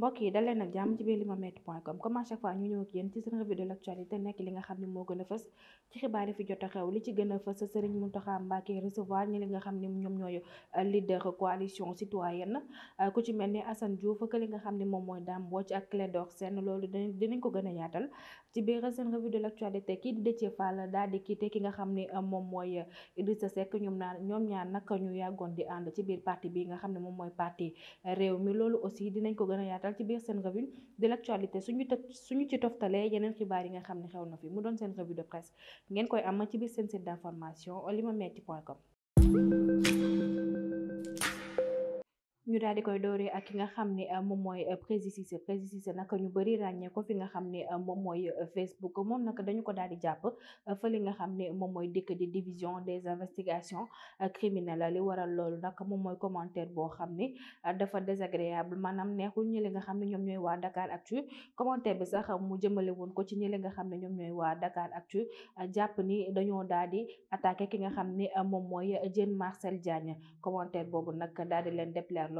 mbokk yi dal leen ak jàmm ci biir limametti point comme à chaque fois ñu ñëw ak ci seen revue l'actualité nekk li nga xam a fës ci xibaar yi a xew li ci gën a fës Serigne Mountakha ni moom mooy Dame Mbodj ak Clédor Sène loolu dinañ ko gën a yaatal ci biir seen revue l'actualité kii di Déthié Fall daal di quitté ki nga xam ne moom mooy Idrissa Seck ñoom ñaar nag ñu yàggoon di ànd ci biir parti bi nga xam ne moom mooy parti réew mi loolu aussi dinañ ko gën a yaatal leeral ci biir seen revue de l' actualité suñu tëj suñu ci toftalee yeneen xibaar yi nga xam ne xew na fi mu doon seen revue de presse ngeen koy am ci biir seen site d' information limametti point com ñu daal di koy dooree ak ki nga xam ne euh, moom mooy euh, Prési Cissé Prési Cissé nag ñu bëri ràññee ko fi nga xam ne euh, moom mooy Facebook moom nag dañu ko daal di jàpp fa li nga xam ne moom mooy dikk di division des investigations criminelles li waral loolu nag moom mooy commentaire boo xam ne dafa désagréable maanaam neexul ñi li nga xam ne ñoom ñooy waa Dakar Actu commentaire bi sax mu jëmale woon ko ci ñi li nga xam ne ñoom ñooy waa Dakar Actu jàpp ni dañoo daal di attaqué ki nga xam ne moom mooy jën Marcel Diagne commentaire boobu nag daal di leen déplaire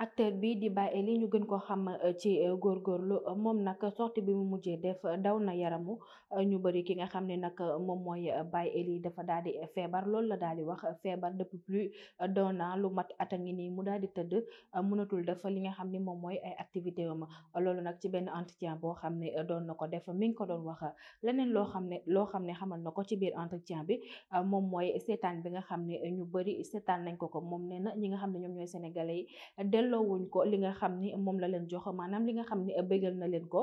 acteur e, e, e, bi di Baye Ely ñu gën koo xam ci góorgóorlu moom nag sortie bi mu mujjee def daw na yaramu ñu bëri ki nga xam ne nag moom mooy Baye Ely dafa daal di feebar loolu la daal di wax feebar depuis plus d'un an lu mat at a ngi nii mu daal di tëdd mënatul def li nga xam ne moom mooy ay activité am loolu nag ci benn entretien boo xam ne doon na ko def mi ngi ko doon wax leneen loo xam ne loo xam ne xamal na ko ci biir entretien bi moom mooy seetaan bi nga xam ne ñu bëri seetaan nañ ko ko moom nee na ñi nga xam ne ñoom ñooy sénégalais yi delloowuñ ko li nga xam ni moom la leen jox maanaam li nga xam ni bëggal na leen ko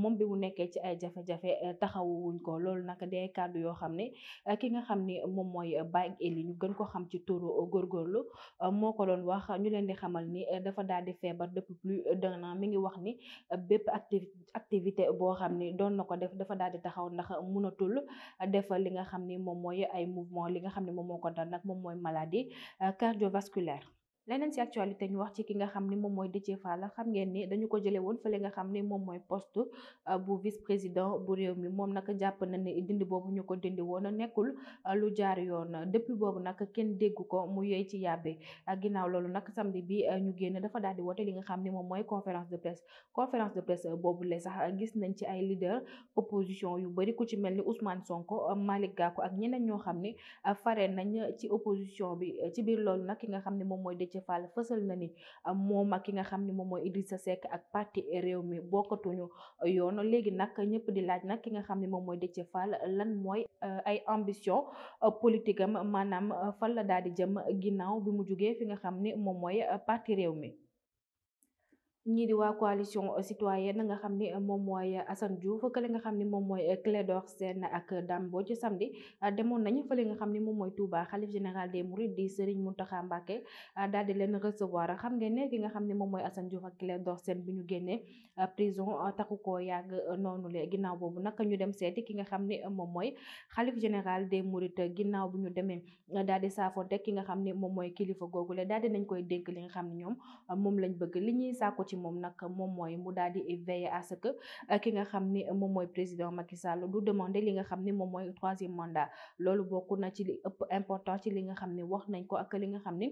moom bi mu nekkee ci ay jafe-jafe eh, taxawuñ ko loolu nag day kàddu yoo xam ne eh, ki nga xam ni moom mooy Baye Ely ñu gën ko xam ci turu góorgóorlu eh, moo ko doon wax ñu leen di xamal ni dafa daal di feebar depuis plus d'un an mi ngi wax ni bépp acti activité boo xam ni doon na ko def dafa daal di taxaw ndax mënatul def li nga xam ni moom mooy ay mouvement li nga xam ni moom moo ko dal nag moom mooy maladie cardiovasculaire leneen si actualité ñu wax ci ki nga xam ni moom mooy Déthié Fall xam ngeen ni dañu ko jëlee woon fële nga xam ni moom mooy poste euh, bu vice président bu réew mi moom nag jàpp na ne dindi boobu ñu ko dindi woon nekkul euh, lu jaar yoon depuis boobu nag kenn déggu ko mu yooy ci yàbbe euh, ginnaaw loolu nag samedi bi ñu génne dafa daal di woote li nga xam ni moom mooy conférence de presse conférence de presse boobu la sax gis nañ ci ay leader opposition yu bëri ku ci mel ni Ousmane Sonko Malick Gakou ak ñeneen ñoo xam ni fare nañ ci opposition bi ci biir loolu nag ki nga xam ni moom mooy Déthié Fall fësal na ni moom ak ki nga xam ne moom mooy Idrissa Seck ak parti réew mi bokkatuñu yoon léegi nag ñëpp di laaj nag ki nga xam ne moom mooy Déthié Fall lan mooy euh, ay ambition euh, politique am maanaam fan la daal di jëm ginnaaw bi mu jugee fi nga xam ne moom mooy euh, parti réew mi ñii di waa coalition euh, citoyenne nga xam ni euh, moom mooy euh, Assane Diouf kële nga xam ni moom mooy Clédor Sène ak Dame Mbodj ci samedi demoon nañu fële nga xam ni moom mooy Touba xalif général des Mourides di Serigne Mountakha Mbacké daal di leen recevoir xam ngeen ne ki nga xam ni moom mooy Assane Diouf ak Clédor Sène bi ñu génnee prison taxu ko yàgg noonu le ginnaaw boobu nag ñu dem seeti ki nga xam ni moom mooy xalif général des Mourides ginnaaw bu ñu demee daal di saafonte ki nga xam ni moom mooy kilifa googu le daal di nañ koy dénk li nga xam ni ñoom ci moom nag moom mooy mu daal di veiller à ce que euh, ki nga xam ni moom mooy président Macky Sall du demander li nga xam ni moom mooy troisième manda loolu bokk na ci li ëpp important ci li nga xam ni wax nañ ko ak li nga xam ni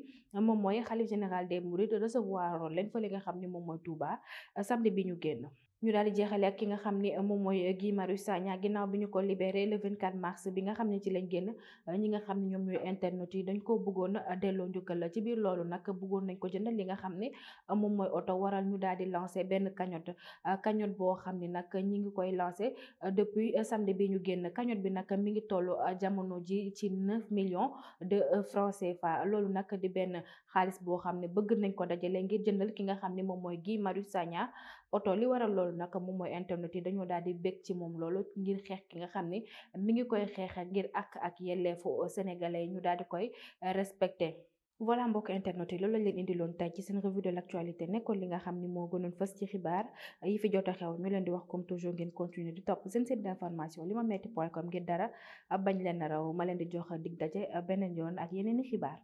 moom mooy xalif général des Mourides recevoir leen fa li nga xam ni moom mooy Touba euh, samedi bi ñu génn ñu dal di jéxalé ak ki nga xamni ni moy mooy Guy Marius Sagna ginnaaw bi ko libéré le 24 mars bi nga xamni ci lañu genn ñi nga xamni ñom ñoy internet yi dañ ko bëggoon délo njukkal ci biir loolu nak bëggoon nañ ko jëndal li nga xamni ne moy auto waral ñu dal di lancer ben cagnotte cagnotte bo xamni nak ñi ngi koy lancer depuis samedi bi ñu genn cagnotte bi nak mi ngi tollu jamono ji ci 9 millions de francs CFA loolu nak di ben xaaliss bo xamni bëgg nañ ko dajalé ngir jëndal ki nga xamni ne moy mooy Guy Marius Sagna oto li waral loolu loolu nag moom mooy internet yi dañoo daal di bég ci moom loolu ngir xeex ki nga xam ne mi ngi koy xeex ngir ak ak yelleefu sénégalais ñu daal di koy euh, respecté. voilà mbokk internet yi loolu lañ leen indiloon tey ci seen revue de l' actualité nga xam ni moo gënoon fës ci xibaar yi fi jot a xew ñu leen di wax comme toujours ngeen continuer di topp seen site d' information limametti point com ngir dara bañ leen a raw ma leen di jox dig daje beneen yoon ak yeneen i xibaar.